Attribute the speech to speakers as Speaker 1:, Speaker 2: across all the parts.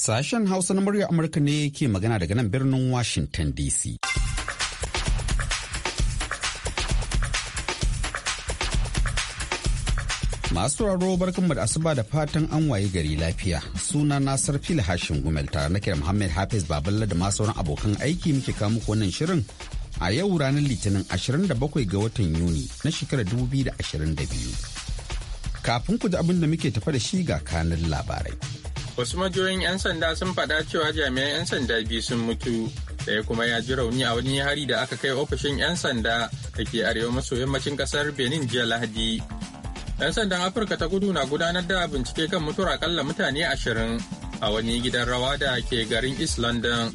Speaker 1: Sashen Hausa na murya Amurka ne ke magana daga nan birnin Washington DC. Masu raro barkanmu da asuba da fatan an waye gari lafiya. Suna nasarfi Sarfil Hashim Gumel tare na kira Muhammad Hafiz Baballa da masu sauran abokan aiki muke kawo muku wannan shirin a yau ranar Litinin 27 ga watan Yuni na shekarar 2022. Kafin ku ji abin da muke tafa da shi ga kanin
Speaker 2: labarai. wasu majiyoyin 'yan sanda sun faɗa cewa jami'an 'yan sanda biyu sun mutu ɗaya kuma ya ji rauni a wani hari da aka kai ofishin 'yan sanda da ke arewa maso yammacin ƙasar benin jiya lahadi 'yan sandan afirka ta gudu na gudanar da bincike kan mutuwar akalla mutane ashirin a wani gidan rawa da ke garin east london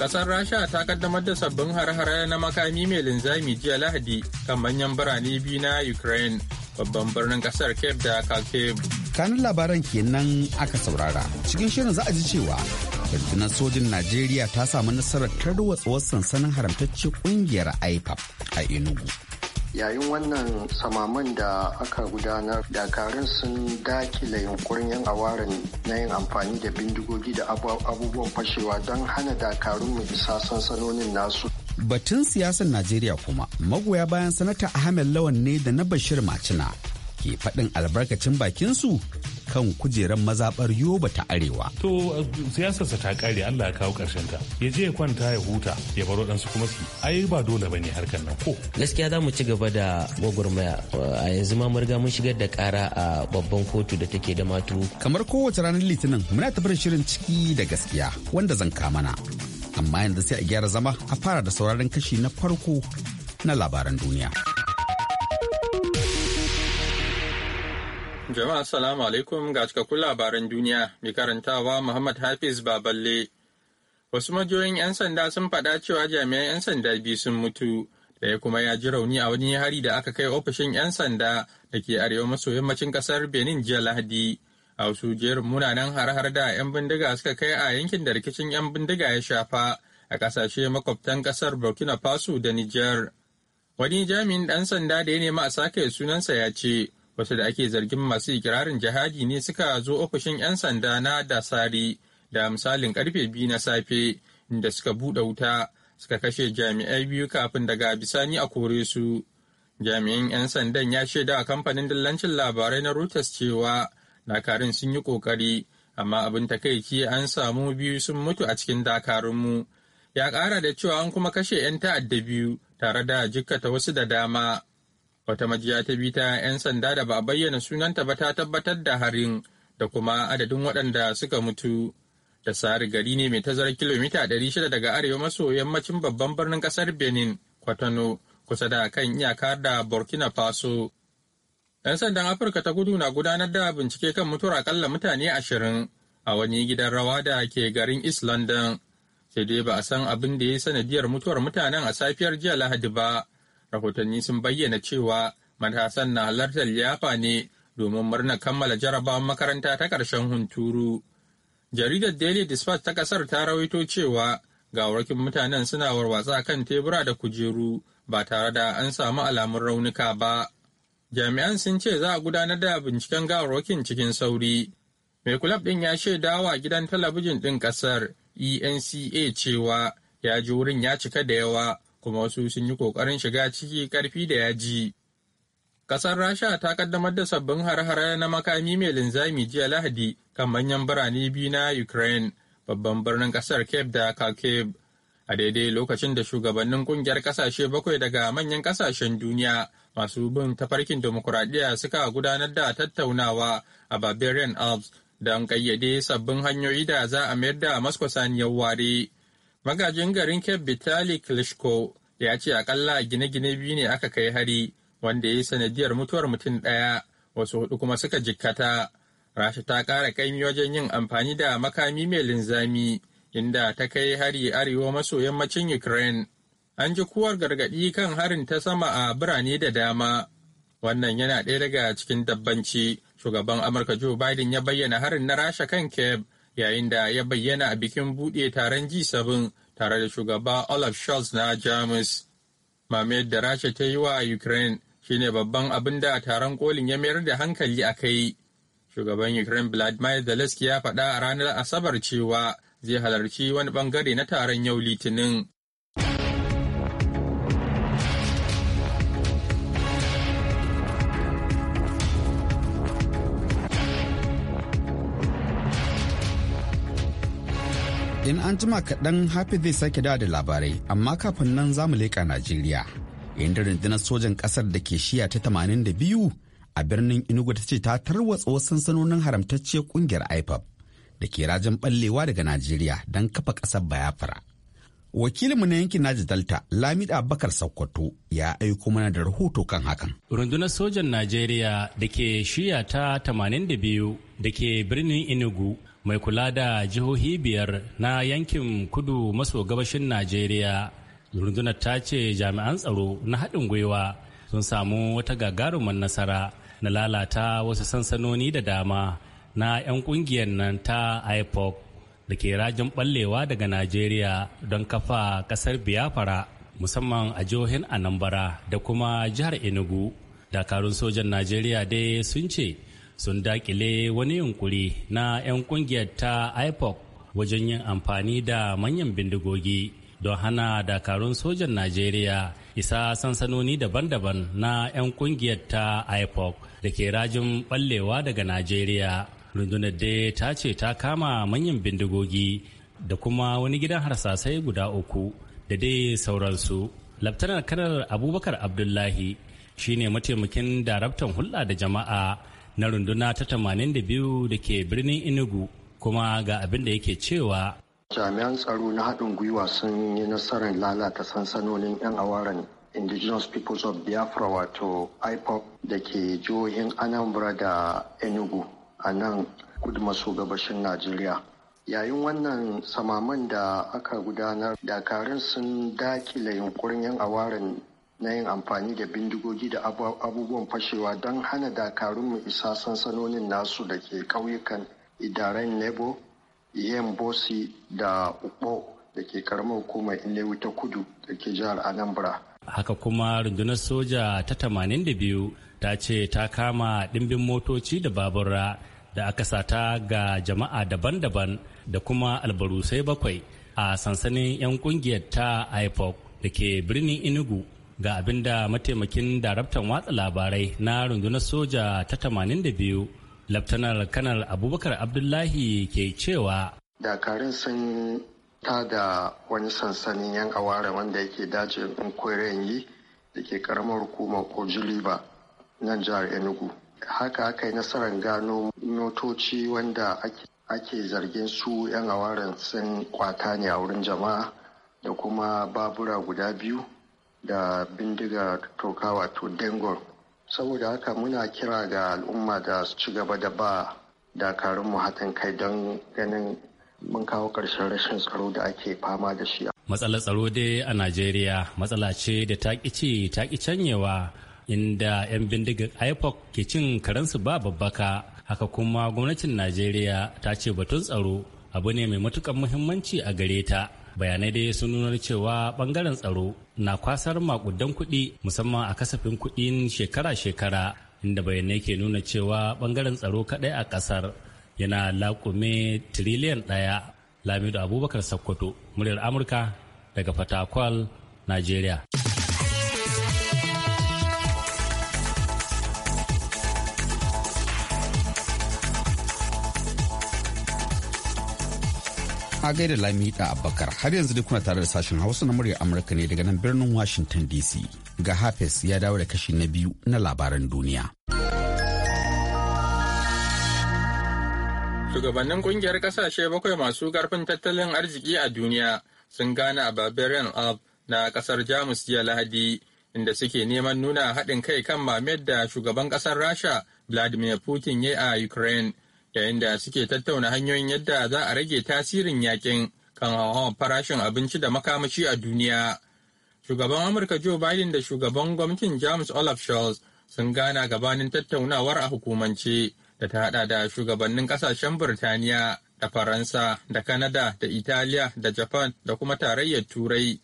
Speaker 2: Ƙasar rasha ta kaddamar da sabbin har-hare na makami mai linzami jiya lahadi kan manyan birane biyu na ukraine babban birnin ƙasar cape da kharkiv
Speaker 1: kanun labaran kenan aka saurara cikin shirin za a ji cewa rundunar sojin najeriya ta samu nasarar tarwatsuwar sansanin haramtacce kungiyar ipap a enugu
Speaker 3: yayin wannan samaman da aka gudanar dakarun sun dakile yunkurin yan awarin na yin amfani da bindigogi da abubuwan fashewa don hana dakarun mu isa
Speaker 1: sansanonin nasu batun siyasar najeriya kuma magoya bayan sanata ahmed lawan ne da na bashir macina ke faɗin albarkacin bakin su kan kujeran mazaɓar yoba ta arewa.
Speaker 4: To siyasarsa ta ƙare Allah ya kawo ƙarshen ta. Ya je ya kwanta ya
Speaker 5: huta ya bar waɗansu kuma su ai ba dole ba ne harkar nan ko. Gaskiya za mu ci gaba da
Speaker 1: gwagwarmaya a yanzu ma murga mun shigar da ƙara a babban kotu da take da matu. Kamar kowace ranar litinin muna tafi da shirin ciki da gaskiya wanda zan kamana. Amma yanzu sai a gyara zama a fara da sauraron kashi na farko na labaran duniya.
Speaker 2: Jama'a salamu alaikum ga cikakkun labaran duniya mai karantawa Muhammad Hafiz Baballe. Wasu majiyoyin 'yan sanda sun faɗa cewa jami'an 'yan sanda biyu sun mutu, da ya kuma ya ji rauni a wani hari da aka kai ofishin 'yan sanda da ke arewa maso yammacin ƙasar Benin jiya Lahadi. A wasu jerin munanan har-har da 'yan bindiga suka kai a yankin da rikicin 'yan bindiga ya shafa a ƙasashe makwabtan ƙasar Burkina Faso da Nijar. Wani jami'in ɗan sanda da ya nema a sake sunansa ya ce, wasu da ake zargin masu ikirarin jihadi ne suka zo ofishin 'yan sanda na dasari da misalin karfe biyu na safe inda suka buɗe wuta suka kashe jami'ai biyu kafin daga bisani a kore su jami'in 'yan sandan ya shaida a kamfanin dillancin labarai na reuters cewa dakarun sun yi kokari amma abin takaici an samu biyu sun mutu a cikin dakarun mu ya ƙara da cewa an kuma kashe 'yan ta'adda biyu tare da jikkata wasu da dama Wata majiya ta bi ta 'yan sanda da ba a bayyana sunanta ba ta tabbatar da harin da kuma adadin waɗanda suka mutu. Da sari gari ne mai tazarar kilomita 600 daga arewa maso yammacin babban birnin ƙasar Benin, Kwatano, kusa da kan iyaka da Burkina Faso. 'Yan sandan Afirka ta gudu na gudanar da bincike kan mutuwar akalla mutane ashirin a wani gidan rawa da ke garin East London. Sai dai ba a san abin da ya sanadiyar mutuwar mutanen a safiyar jiya Lahadi ba. rahotanni sun bayyana cewa matasan na halartar liyafa ne domin murna kammala jarabawan makaranta ta ƙarshen hunturu. Jaridar Daily Dispatch ta ƙasar ta rawaito cewa warkin mutanen suna warwatsa kan tebura da kujeru ba tare da an samu alamun raunuka ba. Jami'an sun ce za a gudanar da binciken gawarwakin cikin sauri. Mai kulab ɗin ya shaidawa gidan talabijin ɗin ƙasar ENCA cewa ya ji wurin ya cika da yawa kuma wasu sun yi kokarin shiga ciki karfi da yaji. Ƙasar Rasha ta kaddamar da sabbin har-hare na makami mai linzami jiya Lahadi kan manyan birane biyu na Ukraine, babban birnin ƙasar Kyiv da Kharkiv. A daidai lokacin da shugabannin ƙungiyar ƙasashe bakwai daga manyan ƙasashen duniya masu bin tafarkin demokuraɗiyya suka gudanar da tattaunawa a Barbarian Alps don ƙayyade sabbin hanyoyi da za a mayar da Moscow saniyar ware. Magajin garin Cape Vitali ya ce akalla gine-gine biyu ne aka kai hari wanda ya yi sanadiyar mutuwar mutum ɗaya wasu hudu kuma suka jikkata. Rasha ta ƙara kaimi wajen yin amfani da makami mai linzami inda ta kai hari arewa maso yammacin Ukraine. An ji kuwar gargaɗi kan harin ta sama a birane da dama. Wannan yana ɗaya daga cikin dabbanci. Shugaban Amurka Joe Biden ya bayyana harin na Rasha kan Cape yayin da ya bayyana a bikin buɗe taron G7 tare da shugaba Olaf Scholz na Jamus. Mamayar da Rasha ta yi wa Ukraine shine babban abin da taron kolin ya mayar da hankali a kai. Shugaban Ukraine Vladimir Zelensky ya faɗa a ranar Asabar cewa zai halarci wani bangare na taron yau Litinin.
Speaker 1: in an jima kaɗan hafi zai sake da labarai amma kafin nan za mu leƙa najeriya inda rundunar sojan ƙasar da ke shiya ta 82 a birnin inugu ta ce ta tarwatsa wasu sansanonin haramtacciyar ƙungiyar ipop da ke rajin ɓallewa daga najeriya don kafa ƙasar bayafra wakilinmu na yankin Naji Delta Lamida Bakar Sokoto ya aiko mana da rahoto kan hakan.
Speaker 6: Rundunar sojan Najeriya da ke shiya ta 82 da ke birnin inugu mai kula da jihohi biyar na yankin kudu maso gabashin najeriya rundunar ta ce jami'an tsaro na haɗin gwiwa sun samu wata gagarumar nasara na lalata wasu sansanoni da dama na 'yan ƙungiyar nan ta ipoc da ke rajin ɓallewa daga najeriya don kafa ƙasar biafra musamman a jihohin anambra da kuma jihar enugu dakarun sojan najeriya dai sun ce sun dakile wani yunkuri na 'yan kungiyar ta ipoc wajen yin amfani da manyan bindigogi don hana dakarun sojan najeriya isa sansanoni daban-daban na 'yan kungiyar ta ipoc da ke rajin ballewa daga najeriya rundunar dai ta ce ta kama manyan bindigogi da kuma wani gidan harsasai guda uku da dai sauransu laftanar kanar abubakar abdullahi shine mataimakin daraktan hulɗa da jama'a na runduna ta tamanin da biyu ke birnin Inugu kuma ga abin da yake cewa
Speaker 3: jami'an tsaro na haɗin gwiwa sun yi nasarar lalata sansanonin 'yan awaren indigenous peoples of biafra wato ipop da ke jihohin anambra da enugu a nan kudu maso gabashin najeriya yayin wannan samaman da aka gudanar dakarun sun dakile yunkurin yan awaran na yin amfani da bindigogi da abubuwan fashewa don hana dakarun mu isa sansanonin nasu da ke ƙauyukan idaren nebo yambosi da ukpo da ke karamar hukumar inewu ta kudu da ke jihar anambra
Speaker 6: haka kuma rundunar soja ta 82 ta ce ta kama dimbin motoci da babura da aka sata ga jama'a daban-daban da kuma albarusai bakwai a sansanin 'yan kungiyar ta ipoc da ke birnin inugu ga abin da mataimakin daraktan watsa labarai na rundunar soja ta 82 laftanar kanar abubakar abdullahi ke cewa
Speaker 3: dakarun sun ta da wani sansanin yan aware wanda yake dajin yi da ke karamar hukumar kojuliba nan jihar enugu haka aka yi nasarar gano notoci wanda ake zargin su yan awaren sun kwata ne a wurin jama'a da kuma babura guda biyu da bindiga toka wato dengon saboda haka muna kira ga al'umma da su ci gaba da ba dakarun mu hatan kai don ganin mun kawo ƙarshen rashin tsaro da ake fama da shi.
Speaker 6: Matsalar tsaro dai a Najeriya matsala ce da ta ƙici ta ƙi canyewa inda 'yan bindigar IPOC ke cin karensu ba babbaka haka kuma gwamnatin Najeriya ta ce batun tsaro abu ne mai matuƙar muhimmanci a gare ta bayanai dai sun nuna cewa bangaren tsaro na kwasar makudan kuɗi musamman a kasafin kuɗin shekara-shekara inda bayanai ke nuna cewa bangaren tsaro kaɗai a ƙasar yana laƙume tiriliyan ɗaya lamido abubakar sakkwato muryar amurka daga fatakwal najeriya
Speaker 1: a gaida lamida abakar har yanzu dai kuna tare da sashen hausa na muryar amurka ne daga nan birnin washington dc ga hafes ya dawo da kashi na biyu na
Speaker 2: labaran duniya shugabannin kungiyar kasashe bakwai masu karfin tattalin arziki a duniya sun gane a barbarian alp na kasar jamus jiya lahadi inda suke neman nuna haɗin kai kan mamayar da shugaban kasar rasha vladimir putin ya a ukraine yayin da suke tattauna hanyoyin yadda za a rage tasirin yakin kan hauhawar farashin abinci da makamashi a duniya. Shugaban Amurka Joe Biden da shugaban gwamnatin James Olaf Scholz sun gana gabanin tattaunawar a hukumance da ta hada da shugabannin kasashen Birtaniya da Faransa da Kanada da Italiya da Japan da kuma tarayyar Turai.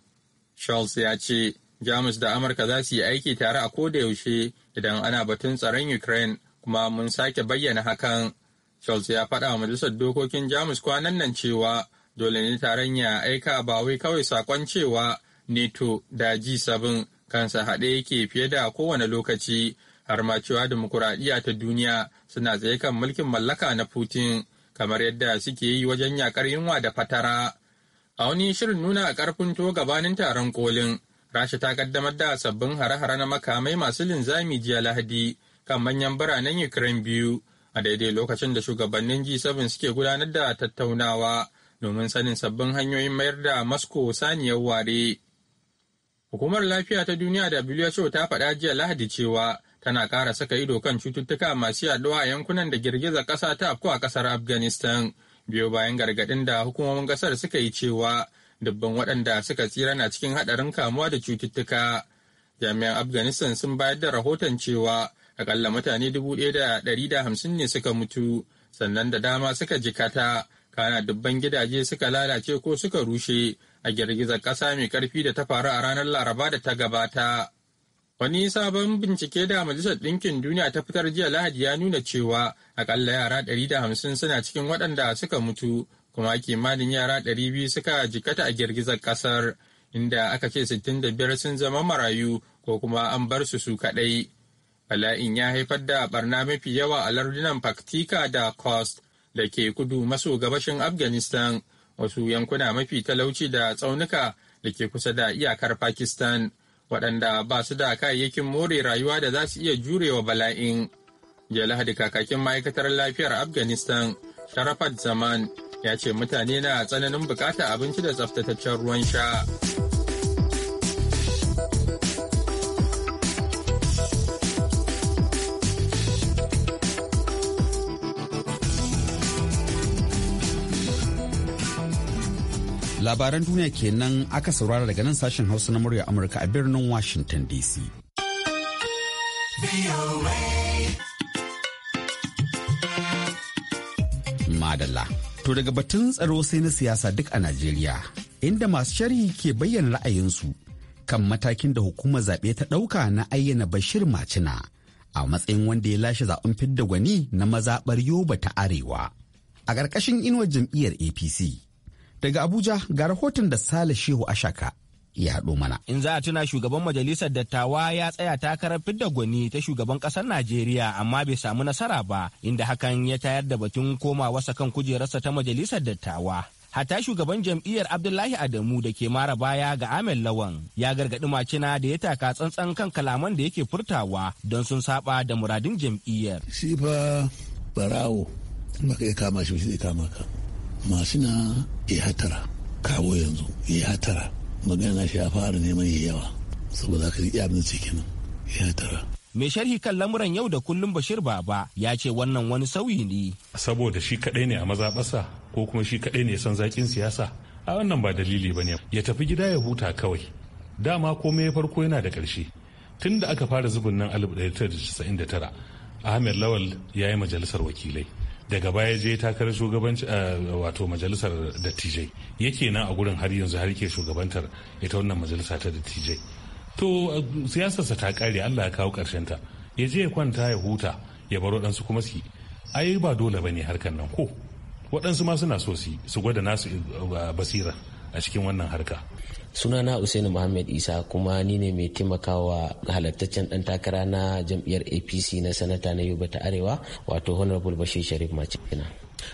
Speaker 2: Scholz ya ce, Jamus da Amurka za su yi aiki tare a koda yaushe idan ana batun tsaron Ukraine kuma mun sake bayyana hakan. Scholz ya faɗa wa Majalisar Dokokin Jamus kwanan nan cewa dole ne taron ya aika ba wai kawai sakon cewa NATO da G7 kansa haɗe yake fiye da kowane lokaci har ma cewa dimokuraɗiyya ta duniya suna tsaye kan mulkin mallaka na Putin kamar yadda suke yi wajen yakar yunwa da fatara. A wani shirin nuna a ƙarfin to gabanin taron kolin, Rasha ta kaddamar da sabbin hare-hare na makamai masu linzami jiya Lahadi kan manyan biranen Ukraine biyu a daidai lokacin da shugabannin G7 suke gudanar da tattaunawa domin sanin sabbin hanyoyin mayar da Moscow saniyar ware. Hukumar Lafiya ta Duniya da WHO ta faɗa jiya Lahadi cewa tana ƙara saka ido kan cututtuka masu yaɗuwa a yankunan da girgizar ƙasa ta afko a ƙasar Afghanistan, biyo bayan gargaɗin da hukumomin ƙasar suka yi cewa dubban waɗanda suka tsira na cikin haɗarin kamuwa da cututtuka. Jami'an Afghanistan sun bayar da rahoton cewa akalla mutane dubu ɗaya da ɗari da hamsin ne suka mutu sannan da dama suka jikata kana dubban gidaje suka lalace ko suka rushe a girgizar ƙasa mai ƙarfi da ta faru a ranar laraba da ta gabata wani sabon bincike da majalisar ɗinkin duniya ta fitar jiya lahadi ya nuna cewa akalla yara ɗari da hamsin suna cikin waɗanda suka mutu kuma kimanin yara ɗari biyu suka jikata a girgizar ƙasar inda aka ce sittin da biyar sun zama marayu ko kuma an bar su su kaɗai bala'in ya haifar da barna mafi yawa a lardunan Paktika da Khost da ke kudu maso gabashin Afghanistan, wasu yankuna mafi talauci da tsaunuka da ke kusa da iyakar Pakistan, waɗanda ba su da kayayyakin more rayuwa da za su iya jurewa bala'in. Jiya Lahadi kakakin ma'aikatar lafiyar Afghanistan, Sharafat Zaman, ya ce mutane na tsananin bukata abinci da tsaftataccen ruwan sha.
Speaker 1: labaran duniya kenan aka saurara daga nan sashen hausa na murya amurka a birnin washington dc madalla to daga batun tsaro sai na siyasa duk a najeriya inda masu sharhi ke bayyana ra'ayinsu kan matakin da hukumar zaɓe ta ɗauka na ayyana bashir macina a matsayin wanda ya lashe zaɓen fidda gwani na mazaɓar yoba ta arewa a ƙarƙashin inuwar jam'iyyar apc Daga Abuja ga rahoton da Sale Shehu Ashaka ya haɗo mana.
Speaker 5: In za a tuna shugaban majalisar dattawa ya tsaya takarar fidda gwani ta shugaban ƙasar Najeriya amma bai samu nasara ba inda hakan ya tayar da batun komawarsa kan kujerarsa ta majalisar dattawa. Hata shugaban jam'iyyar Abdullahi Adamu da ke mara baya ga Amin Lawan ya gargaɗi macina da ya taka tsantsan kan kalaman da yake furtawa don sun saba da muradin jam'iyyar.
Speaker 4: Shi barawo, maka ya kama shi zai kama ka. masu na ya hatara kawo yanzu ya hatara magana shi ya fara neman ya yawa saboda ka iya abin nan ya
Speaker 5: hatara mai sharhi kan lamuran yau da kullum bashir baba ya ce wannan wani sauyi ne saboda shi kadai ne a maza
Speaker 4: mazaɓarsa ko kuma shi kadai ne san zakin siyasa a wannan ba dalili ba ya tafi gida ya huta kawai dama komai ya farko yana da karshe tun da aka fara zubin nan 1999 ahmed lawal ya yi majalisar wakilai daga baya je takarar shugabanci eh, wato majalisar dattijai yake nan a gurin har yanzu har ke shugabantar ita wannan majalisa ta dattijai to eh, siyasarsa ta kare allah ya kawo ta ya je ya kwanta ya huta ya bar waɗansu kuma su ai ba dole ba ne harkar nan ko
Speaker 5: waɗansu ma suna so su gwada nasu eh, basira a cikin wannan harka sunana usaini muhammad isa kuma ni ne mai taimakawa halattaccen dan takara na jam'iyyar apc na sanata na yuba ta arewa wato honorable bashir sharif macina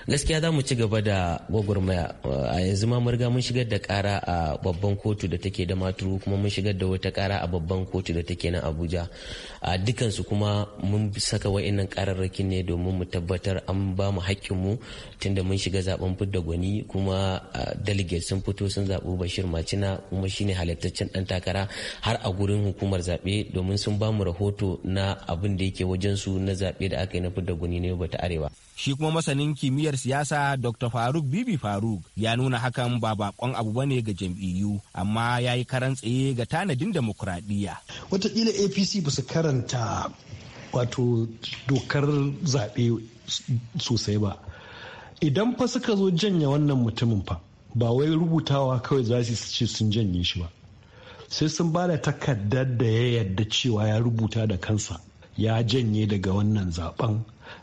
Speaker 5: gaskiya za mu ci gaba da gwagwarmaya a yanzu ma riga mun shigar da kara a babban kotu da take da maturu kuma mun shigar da wata kara a babban kotu da take nan abuja a dukansu kuma mun saka wa'annan kararrakin ne domin mu tabbatar an ba mu hakkinmu tunda mun shiga zaben fidda gwani kuma delegate sun fito sun zaɓi bashir macina kuma shine halittaccen dan takara har a gurin hukumar zaɓe domin sun ba mu rahoto na abin da yake wajensu na zaɓe da aka yi na fidda gwani ne bata arewa Shi kuma masanin kimiyyar siyasa Dr. Faruk Bibi Faruk ya nuna hakan ba bakon abu bane ga jam'iyyu amma ya yi karan tsaye ga tanadin demokuraɗiyya.
Speaker 7: Wataƙila APC ba su karanta wato dokar zaɓe sosai ba. Idan fa suka zo janya wannan mutumin fa ba wai rubutawa kawai za su ce sun janye shi ba. Sai sun ba da takardar da ya yarda cewa ya rubuta da kansa ya janye daga wannan zaben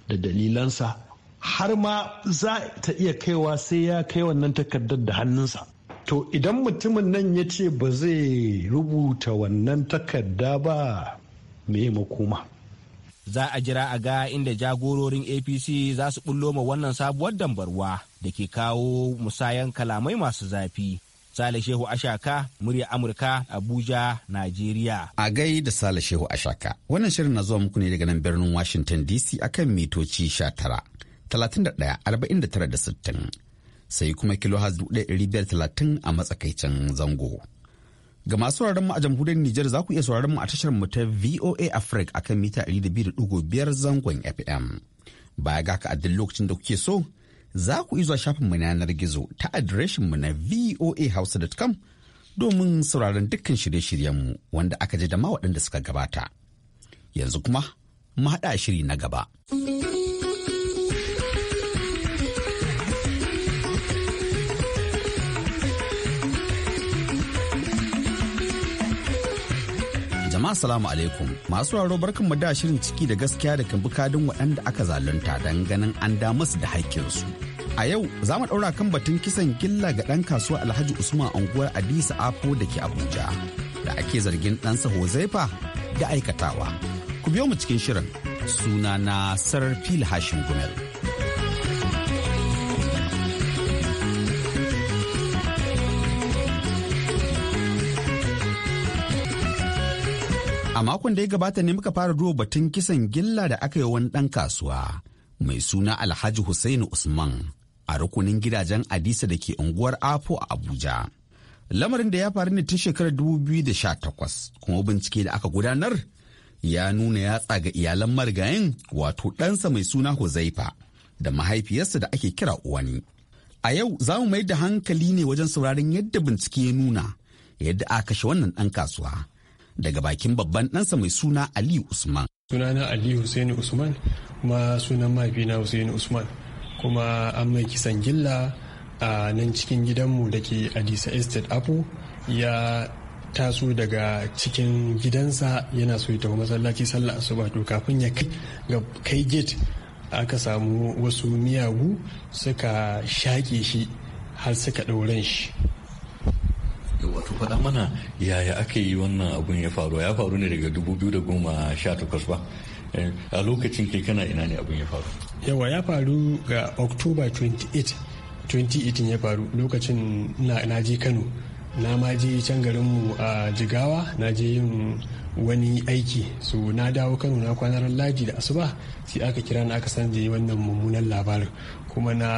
Speaker 7: da dalilansa har ma za ta
Speaker 4: iya kaiwa sai ya kai wannan takardar da hannunsa to idan mutumin nan ya ce ba zai rubuta wannan takarda ba me makoma
Speaker 5: za a jira a ga inda jagororin apc za su bullo ma wannan sabuwar dambarwa da ke kawo musayan kalamai masu zafi Sale Shehu Ashaka, murya Amurka, Abuja, Najeriya.
Speaker 1: A gai da Sale Shehu Ashaka, wannan shirin na zuwa muku ne daga nan birnin Washington DC akan mitoci 19, 31, 49 60. Sai kuma kilo 1530 a matsakaicin zango. Ga masu sauraron mu a jamhuriyar Nijar za ku iya sauraron mu a tashar mu ta VOA Africa akan mita 200.5 zangon FM. Baya ga ka a duk lokacin da kuke so, za ku izo shafinmu na yanar gizo ta mu na voahouse.com domin sauraron dukkan shirye-shiryenmu wanda aka ji da ma waɗanda suka gabata. Yanzu kuma, mu haɗa shiri na gaba. Jama'a salamu alaikum masu raro barkan mu da shirin ciki da gaskiya da kan bukadin waɗanda aka zalunta don ganin an da musu da haƙƙinsu. A yau za mu ɗaura kan batun kisan gilla ga ɗan kasuwa Alhaji Usman unguwar Adisa Afo da ke Abuja da ake zargin ɗan ɗansa Hozaifa da aikatawa. Ku biyo mu cikin shirin sunana Sarar Fil Hashim Gumel. A makon da ya gabata ne muka fara duba batun kisan gilla da aka yi wani ɗan kasuwa mai suna Alhaji Hussaini Usman a rukunin gidajen Adisa da ke unguwar Afo a Abuja. Lamarin da ya faru ne tun shekarar dubu da takwas kuma bincike da aka gudanar ya nuna ya tsaga iyalan marigayin wato ɗansa mai suna Huzaifa da mahaifiyarsa da ake kira Uwani. A yau za mu mai da hankali ne wajen sauraron yadda bincike ya nuna yadda aka kashe wannan ɗan kasuwa daga bakin babban ɗansa mai suna ali Usman. Sunana ali Hussaini Usman kuma sunan mahaifina Hussaini Usman kuma an mai kisan
Speaker 7: gilla a nan cikin gidanmu da ke Adisa Estate Apo ya taso daga cikin gidansa yana so ya tafi masallaci sallah asuba to kafin ya kai gate aka samu wasu miyagu suka shaƙe shi har suka ɗauran shi
Speaker 4: wato faɗa mana yaya aka yi wannan abun ya faru ya faru ne daga 2018 ba eh, a lokacin ke kana ina ne abun ya faru
Speaker 7: yawa ya faru ga october 28 2018 ya faru lokacin na je kano na ma je can garinmu a jigawa na je yin wani aiki so na dawo kano na kwanar laji da asuba sai aka kira na aka sanje wannan mummunan labarin kuma na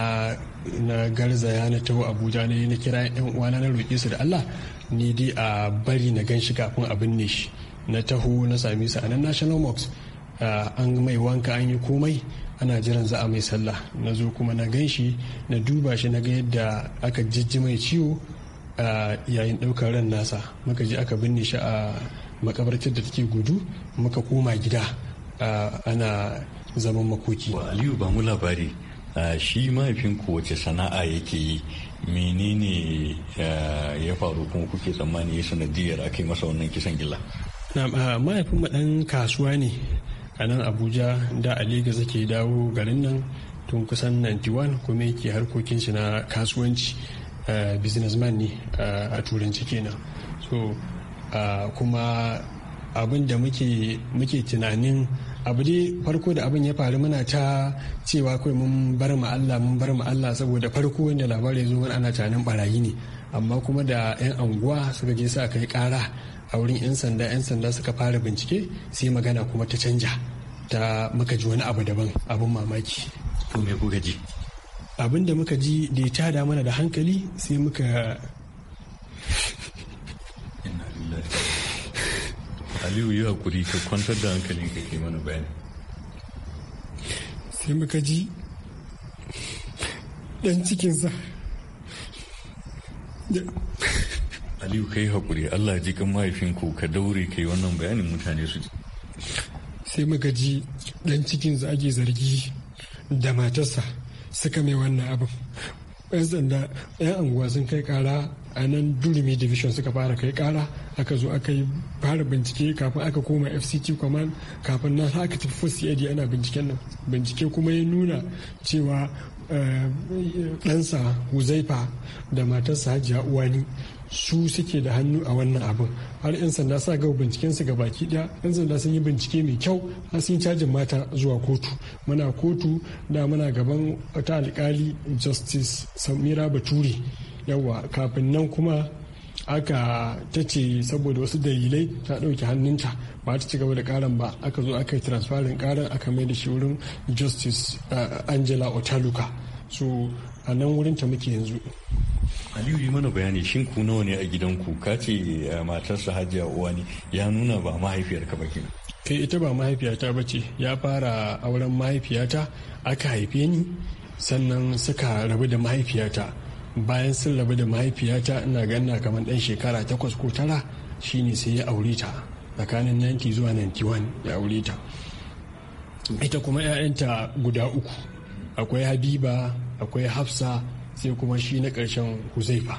Speaker 7: na garzaya na taho abuja ne na kira yan uwana na roƙe su da allah ni dai a bari na gan shi kafin a binne shi na taho na sami su a nan national mosque an mai wanka an yi komai ana jiran za a mai sallah na zo kuma na gan shi na duba shi na ga yadda aka jijji mai ciwo yayin ɗaukar ran nasa muka je aka binne shi a makabartar da take gudu muka koma gida
Speaker 4: ana zaman makoki. Wa Aliyu ba mu labari shi mahaifin ku wace sana'a yake yi menene ya faru kuma kuke tsammani ya sanadiyar a kai masa wannan kisan gilla
Speaker 7: mahaifin mu kasuwa ne a nan abuja da aliga zake yake dawo garin nan tun kusan 91 kuma yake harkokin shi na kasuwanci businessman ne a turanci kenan so kuma abin da muke tunanin abu dai farko da abin ya faru muna ta cewa kawai mun bar mu Allah mun bar mu Allah saboda farko wanda labarin zo mana ana tunanin barayi ne amma kuma da 'yan anguwa suka je sa kai kara a wurin 'yan sanda 'yan sanda suka fara bincike sai magana kuma ta canja ta muka ji wani abu daban abin mamaki
Speaker 4: to me kuka ji
Speaker 7: abin da muka ji da ya tada mana da hankali sai muka
Speaker 4: aliyu yi hakuri ka kwantar da hankali ka ke mana bayani sai
Speaker 7: muka ji dan cikinsa
Speaker 4: aliyu ka yi hakuri allah ji kan mahaifinku ka daure ka yi wannan bayanin mutane su
Speaker 7: sai muka ji dan cikinsa ake zargi da matarsa suka mai wannan abin 'yan sanda 'yan anguwa sun kai kara a nan durumi division suka fara kai kara aka zo aka yi fara bincike kafin aka koma fct command kafin nan aka tafi first cid ana binciken nan bincike kuma ya nuna cewa eh, ɗansa huzaifa da matarsa hajiya uwani su suke da hannu a wannan abin har 'yan sanda sa ga binciken su baki daya 'yan sanda sun yi bincike mai kyau har sun cajin mata zuwa kotu muna kotu da muna gaban wata alkali justice samira bature yawa kafin nan kuma aka ta ce saboda wasu dalilai ta ɗauki hannunta ba ta ci gaba da karan ba aka zo aka yi transferin karan aka mai da shi wurin justice eh, angela otaluka so a nan wurin ta muke yanzu
Speaker 4: aliyu yi mana bayani shin ku nawa ne a gidan ku ka ce eh, matarsa hajiya uwa ne ya nuna ba ka ba kenan
Speaker 7: kai ita ba mahaifiyata ba ce ya fara auren mahaifiyata aka haife ni sannan suka rabu da mahaifiyata bayan sun rabu da mahaifiyata ina ganna kamar ɗan shekara takwas ko tara shine sai ya aure ta tsakanin 90 zuwa 91 ya aure ta ita kuma 'ya'yanta guda uku akwai habiba akwai hafsa sai kuma shi na ƙarshen huzaifa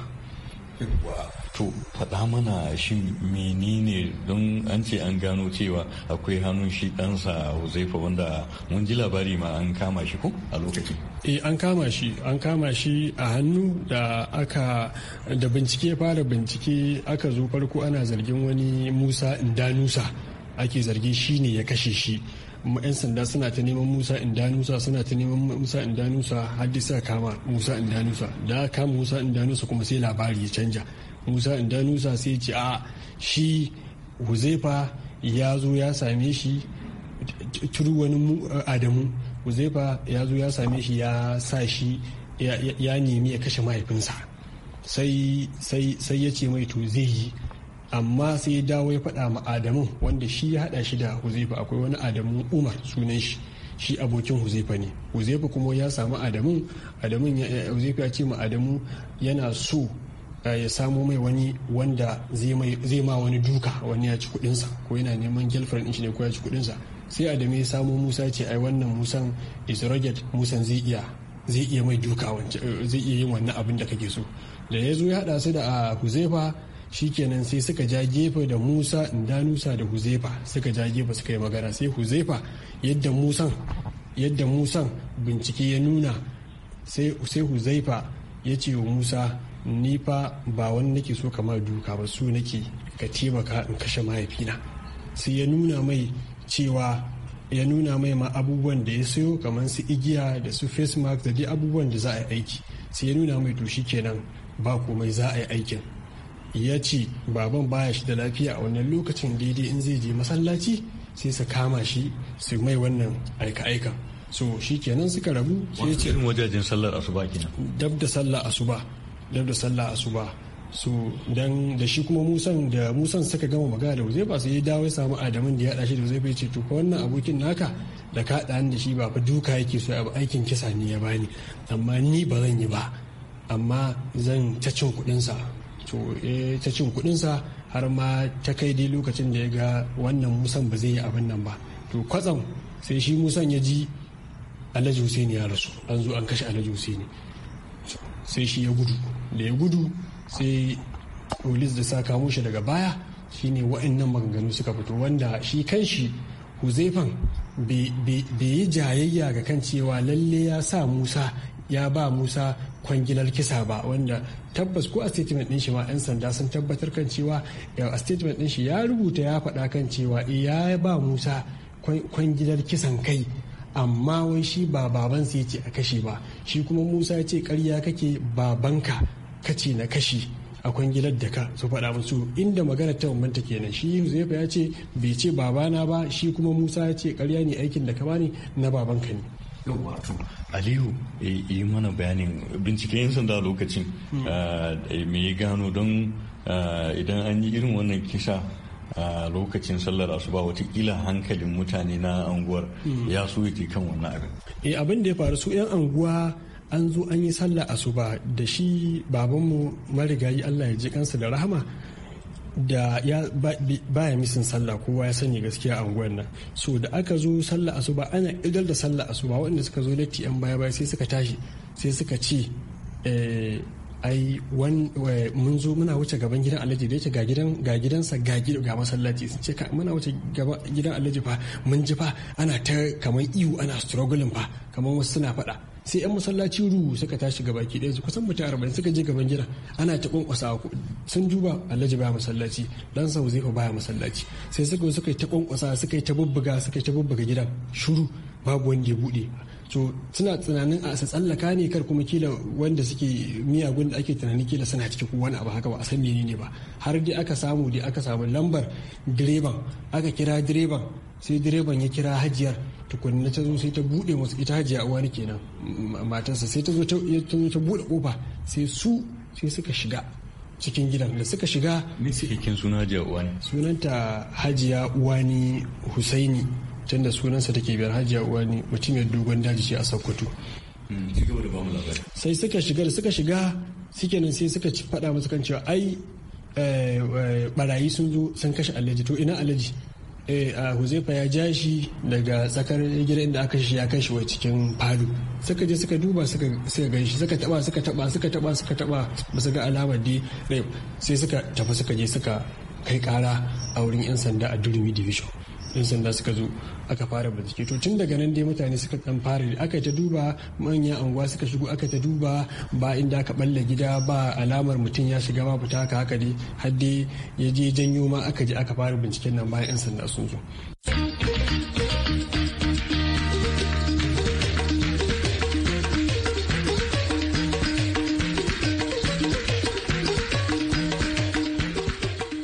Speaker 4: To, faɗa mana shi menene don an ce an gano cewa akwai hannun shi ɗansa Huzaifa wanda mun ji labari ma an kama shi ko a lokacin?
Speaker 7: e an kama shi, an kama shi a hannu da aka da bincike fara bincike aka zo farko ana zargin wani Musa Indanusa ake zargi shi ne ya kashe shi. 'yan sanda suna ta neman musa indanusa suna ta neman musa indanusa har dai kama musa indanusa da kama musa indanusa kuma sai labari ya canja musa danusa sai ce a shi huzefa ya zo ya same shi turu wani adamu huzefa ya zo ya same shi ya sa shi ya nemi ya kashe mahaifinsa sai ya ce mai to zai yi amma sai dawo ya faɗa ma adamu wanda shi ya haɗa shi da huzefa akwai wani adamu umar sunan shi shi abokin huzefa ne huzefa kuma ya samu adamu adamu huzaifa ya ce ma adamu yana so Eh, ya samo mai wani wanda zai ma wani duka wani ya ci kudinsa ko yana neman girlfriend din shi ne ko ya ci kudinsa sai adamu ya samo musa ce ai wannan musan is rugged musan zai iya zai iya mai duka eh, zai iya yin wannan abin da kake so da ya zo ya hada su da a ah, huzaifa shikenan sai suka ja gefe da musa indanusa da huzefa suka ja gefe suka yi magana sai huzefa yadda musan yadda musan bincike ya nuna sai huzefa ya ce wa musa ni fa ba wani nake so kamar duka ba su nake ka taimaka in kashe mahaifina sai ya nuna mai cewa ya nuna mai ma abubuwan da ya sayo kamar su igiya da su face mask da dai abubuwan da za a yi aiki sai ya nuna mai to kenan ba komai za a yi aikin ya ce baban baya shi da lafiya a wannan lokacin daidai in zai je masallaci sai su kama shi su mai wannan aika-aika so shi kenan suka rabu sai ce
Speaker 4: wajajen sallar asuba kenan
Speaker 7: dab da sallar asuba dab da sallah asuba so dan da shi kuma musan da musan suka gama magana da uzaifa sai ya dawo ya samu adamin da ya haɗa shi da uzaifa ya ce to ko wannan abokin naka da ka haɗa da shi ba fa duka yake so ba aikin kisa ne ya bani amma ni ba zan yi ba amma zan ta cin kuɗinsa to eh, ta cin sa har ma ta kai dai lokacin da ya ga wannan musan ba zai yi abin nan ba to kwatsam sai shi musan ya ji alhaji husaini ya rasu an zo an kashe alhaji husaini sai shi ya gudu da ya gudu sai polis da sa kamo shi daga baya shine wa'annan maganganu suka fito wanda shi kanshi huzaifan bai yi jayayya ga kan cewa lalle ya sa musa ya ba musa kwangilar kisa ba wanda tabbas ko a statement din shi ma 'yan sanda sun tabbatar kan cewa eh, a statement din shi ya rubuta ya faɗa kan cewa eh, ya ba musa kwangilar kisan kai amma wai shi ba babansa ya ce a kashe ba shi kuma musa ya ce karya kake babanka kaci na kashi a kwangilar da ka su faɗa musu inda magana ta bambanta kenan shi Huzaifa ya ce bai ce babana ba shi kuma Musa ya ce karya ne aikin da ka bani na babanka ne wato
Speaker 4: aliyu eh, yi mana bayanin bincike yin sanda lokacin hmm. eh, eh, me ya gano don idan an yi irin wannan kisa a lokacin sallar asuba watakila hankalin mutane na anguwar hmm. ya so kan wannan abin
Speaker 7: abin da ya faru su yan anguwa an zo an yi sallah asuba da shi babanmu marigayi allah ya ji kansa da rahama da ya baya misin sallah kowa ya sani gaskiya a unguwar nan so da aka zo sallah asuba ana idar da sallah asuba waɗanda suka zo latti yan baya baya sai suka tashi sai suka ce eh, ai eh, mun zo muna wuce gaban gidan alhaji da yake ga gidan ga gidansa ga ga masallaci sun ce muna wuce gaban gidan alhaji fa mun ji fa ana ta kamar iyu ana struggling fa kamar wasu suna faɗa sai yan masallaci ruhu suka tashi gaba ki ɗaya kusan mutum arba'in suka je gaban gida ana ta kwankwasa sun duba alhaji baya masallaci dan sau zai baya masallaci sai suka suka ta kwankwasa suka ta bubbuga suka ta bubbuga gida shuru babu wanda ya buɗe to suna tunanin a su tsallaka ne kar kuma kila wanda suke miyagun da ake tunanin kila suna cikin ko abu haka ba a san menene ba har dai aka samu dai aka samu lambar direban aka kira direban sai direban ya kira hajiyar na ta zo sai ta bude musu ita hajiya uwani kenan matarsa sai ta zo ta bude kofa sai su sai suka shiga cikin gidan da suka shiga
Speaker 4: cikin suna hajiya uwani
Speaker 7: sunanta hajiya uwani husaini tunda sunansa take biyar hajiya uwani mutum ya dogon daji ce a sokoto hmm, sai suka shiga da suka shiga suke nan sai suka faɗa musu kan cewa ai eh, eh, barayi sun zo sun kashe alhaji to ina alhaji eh a huzaifa ya ja shi daga tsakar gidan da aka shi ya kai shi wa cikin falo suka je suka duba suka gan shi suka taba suka taba suka taba suka taba ba ga alamar dai sai suka tafi suka je suka kai kara a wurin yan sanda a durumi division yan sanda suka zo aka fara bincike to tun daga nan dai mutane suka kan fara aka ta duba manyan anguwa suka shigo aka ta duba ba inda aka balla gida ba alamar mutum ya shiga ba fita haka haka dai har dai ya je janyo ma aka je aka fara binciken nan bayan yan sanda sun zo.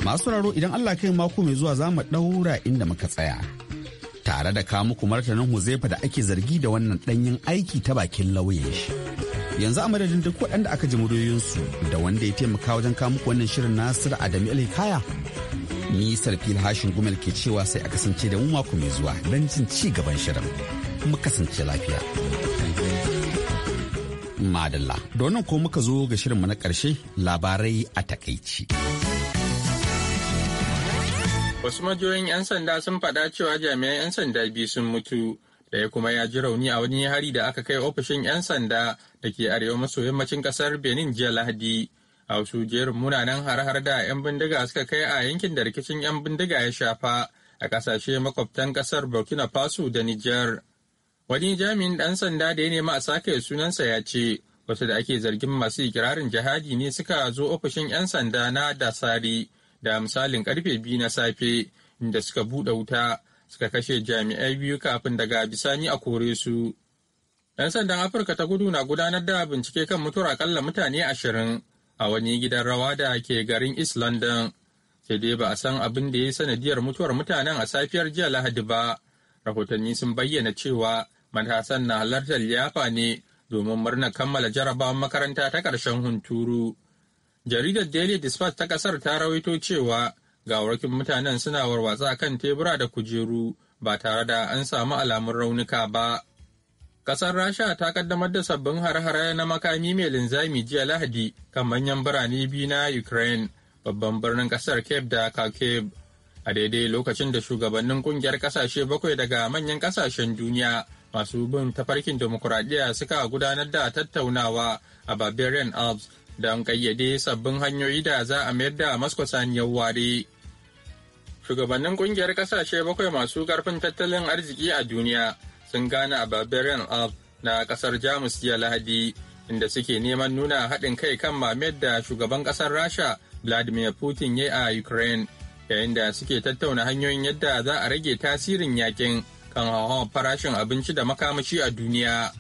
Speaker 1: Masu raro idan Allah kai mako mai zuwa za mu ɗaura inda muka tsaya. Tare da kawo muku martanin Huzaifa da ake zargi da wannan ɗanyen aiki ta bakin lauyan shi. Yanzu a madadin duk waɗanda aka ji muryoyinsu da wanda ya taimaka wajen kawo muku wannan shirin Nasiru Adamu Alhikaya. Ni Sarfil Hashin Gumel ke cewa sai a kasance da mu mako mai zuwa don jin ci gaban shirin. Mu kasance lafiya. Madalla, da wannan ko muka zo ga shirinmu na ƙarshe labarai a takaici.
Speaker 2: Wasu majiyoyin 'yan sanda sun faɗa cewa jami'an 'yan sanda biyu sun mutu, ɗaya kuma ya ji rauni a wani hari da aka kai ofishin 'yan sanda da ke arewa maso yammacin ƙasar Benin jiya Lahadi. A wasu jerin munanan har-har da 'yan bindiga suka kai a yankin da rikicin 'yan bindiga ya shafa a ƙasashe makwabtan ƙasar Burkina Faso da Nijar. Wani jami'in ɗan sanda da ya nema a sake sunansa ya ce, wasu da ake zargin masu ikirarin jihadi ne suka zo ofishin 'yan sanda na Dasari da misalin karfe biyu na safe inda suka buɗe wuta suka kashe jami'ai biyu kafin daga bisani a kore su. 'Yan sandan Afirka ta gudu na gudanar da bincike kan mutuwar akalla mutane ashirin a wani gidan rawa da ke garin East London. Sai dai ba a san abin da ya yi sanadiyar mutuwar mutanen a safiyar jiya Lahadi ba. Rahotanni sun bayyana cewa matasan na halartar liyafa ne domin murnar kammala jarabawan makaranta ta ƙarshen hunturu. Jaridar Daily Dispatch ta kasar ta rawaito cewa gawarkin mutanen suna warwatsa kan tebura da kujeru ba tare da an samu alamun raunuka ba. Kasar Rasha ta kaddamar da sabbin har-hare na makami mai linzami jiya Lahadi kan manyan birane biyu na Ukraine, babban birnin kasar cape da Kharkiv. A daidai lokacin da shugabannin kungiyar kasashe bakwai daga manyan kasashen duniya masu bin tafarkin demokuraɗiyya suka gudanar da tattaunawa a Barbarian Alps don kayyade sabbin hanyoyi da za a mayar da Moscow saniyar ware. Shugabannin kungiyar kasashe bakwai masu karfin tattalin arziki a duniya sun gane a Bavarian Alp na kasar Jamus jiya Lahadi, inda suke neman nuna haɗin kai kan mamayar da shugaban kasar Rasha Vladimir Putin ya a Ukraine, yayin da suke tattauna hanyoyin yadda za a rage tasirin yakin kan hauhawar farashin abinci da makamashi a duniya.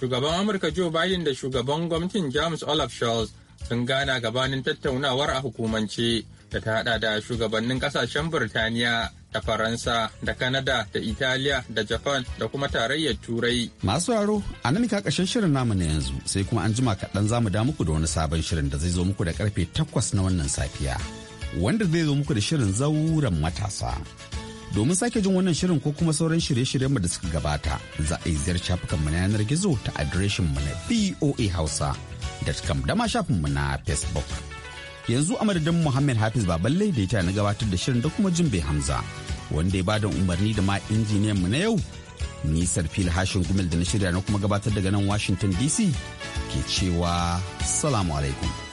Speaker 2: Shugaban Amurka Joe Biden da shugaban gwamnatin James Olaf Scholz sun gana gabanin tattaunawar a hukumance da ta hada da shugabannin kasashen Birtaniya da Faransa da Kanada da Italiya da Japan da kuma tarayyar Turai.
Speaker 1: Masu haro a nan ka ƙarshen shirin namu na yanzu sai kuma an jima kaɗan za mu da muku da wani sabon shirin da zai zo muku da karfe 8 na wannan safiya wanda zai zo muku da shirin zauren matasa. Domin sake jin wannan shirin ko kuma sauran shirye-shiryenmu da suka gabata, za a yi ziyarci mu na yanar gizo ta adireshin mu na Hausa da ma mu na Facebook. Yanzu a madadin Muhammad Hafiz Baballe da ya na gabatar da shirin da kuma Jimbe Hamza, wanda ya bada umarni da ma injiniyan mu na yau. Nisar fil hashin gumel da na shirya na kuma gabatar daga nan Washington DC ke cewa salamu alaikum.